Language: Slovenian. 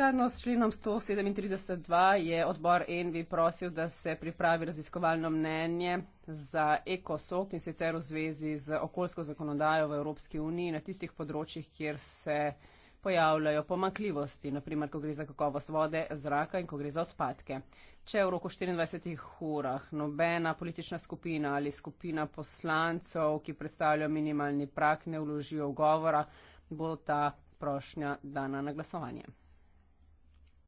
skladno s členom 137.2 je odbor Envi prosil, da se pripravi raziskovalno mnenje za ekosok in sicer v zvezi z okoljsko zakonodajo v Evropski uniji na tistih področjih, kjer se pojavljajo pomakljivosti, naprimer, ko gre za kakovost vode, zraka in ko gre za odpadke. Če v roku 24 urah nobena politična skupina ali skupina poslancov, ki predstavljajo minimalni prak, ne vložijo govora, bo ta prošnja dana na glasovanje.